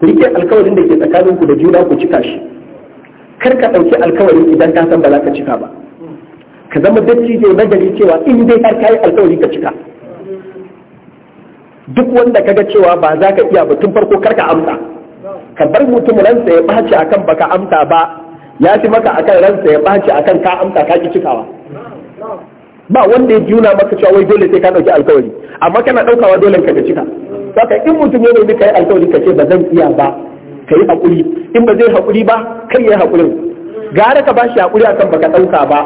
[SPEAKER 1] ku riƙe alkawarin da ke tsakanin ku da juna ku cika shi kar ka ɗauki alkawarin idan ka san ba za ka cika ba ka zama dacci ne na gari cewa in dai har ka yi alkawari ka cika duk wanda ka ga cewa ba za ka iya ba tun farko kar ka amsa ka bar mutum ransa ya ɓaci akan baka amsa ba ya fi maka akan ransa ya ɓaci akan ka amsa ka ki cikawa ba wanda ya juna maka cewa wai dole sai ka ɗauki alkawari amma kana ɗaukawa dole ka ka cika saka in mutum ya nemi ka yi alkawari ka ce ba zan iya ba ka yi haƙuri in ba zai haƙuri ba kai ya haƙurin gara ka bashi hakuri haƙuri akan baka ɗauka ba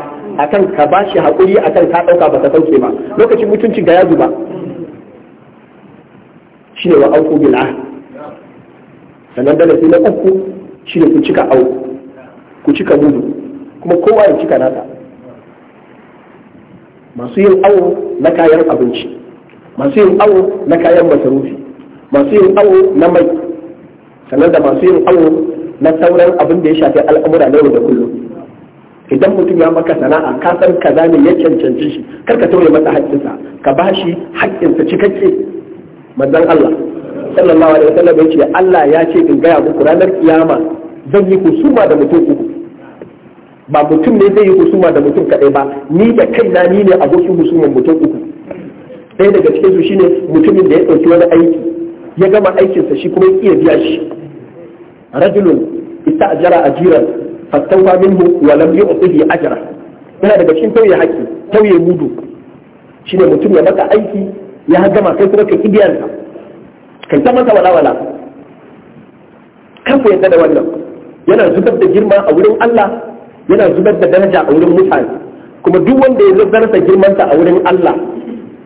[SPEAKER 1] akan ka bashi hakuri akan ka ɗauka baka ɗauke ba lokacin mutuncin ka ya ba, shi ne wa auku bil'ahd sannan darasi na uku shi ne ku cika au ku cika mudu kuma kowa ya cika nasa masu yin awo na kayan abinci masu yin awo na kayan masarufi masu yin awo na mai sannan da masu yin awo na sauran abin da ya shafi al'amura na yau da kullum idan mutum ya maka sana'a ka san kaza ne ya cancanci shi kar ka tauye masa haƙƙinsa ka bashi haƙƙinsa cikakke manzon Allah sallallahu alaihi wasallam ya ce Allah ya ce in gaya muku ranar kiyama zan yi kusuma da mutum uku ba mutum ne zai yi husuma da mutum kadai ba ni da kaina ni ne abokin husuman mutum uku ɗaya daga cikin su shine mutumin da ya ɗauki wani aiki ya gama aikinsa shi kuma iya biya shi rajulun ista'jara ajiran fastawa minhu wa lam yu'tihi ajra yana daga cikin tauye haƙi tauye mudu shine mutum ya maka aiki ya gama kai kuma ka sa. kai ta masa walawala kan ku yadda da wannan yana zubar da girma a wurin Allah yana zubar da daraja a wurin mutane kuma duk wanda ya zubar da girmansa a wurin Allah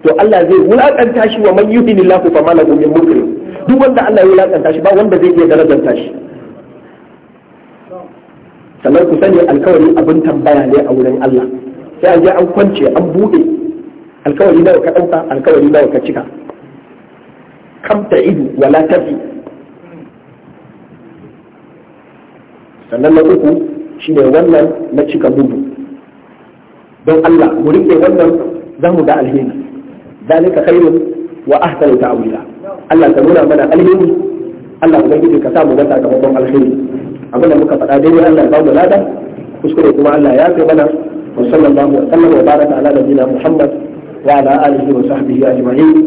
[SPEAKER 1] to Allah zai wulakanta shi wa man yuhinillahu fa ma lahu min duk wanda Allah ya wulakanta shi ba wanda zai iya darajanta shi sannan ku sani alkawari abin tambaya ne a wurin Allah sai an je an kwance an bude alkawari nawa ka dauka alkawari nawa ka cika kam ta idu wala tafi sannan na uku shi ne wannan na cika bugu don Allah mu rike wannan za mu da alheri zalika khairun wa ahsanu ta'wila Allah ta nuna mana alheri Allah ubangiji ka sa mu ga sakamakon alheri abin da muka faɗa daidai Allah ya ba lada kuskure kuma Allah ya fi mana wa sallallahu wa sallam wa baraka ala nabiyina Muhammad wa ala alihi wa sahbihi ajma'in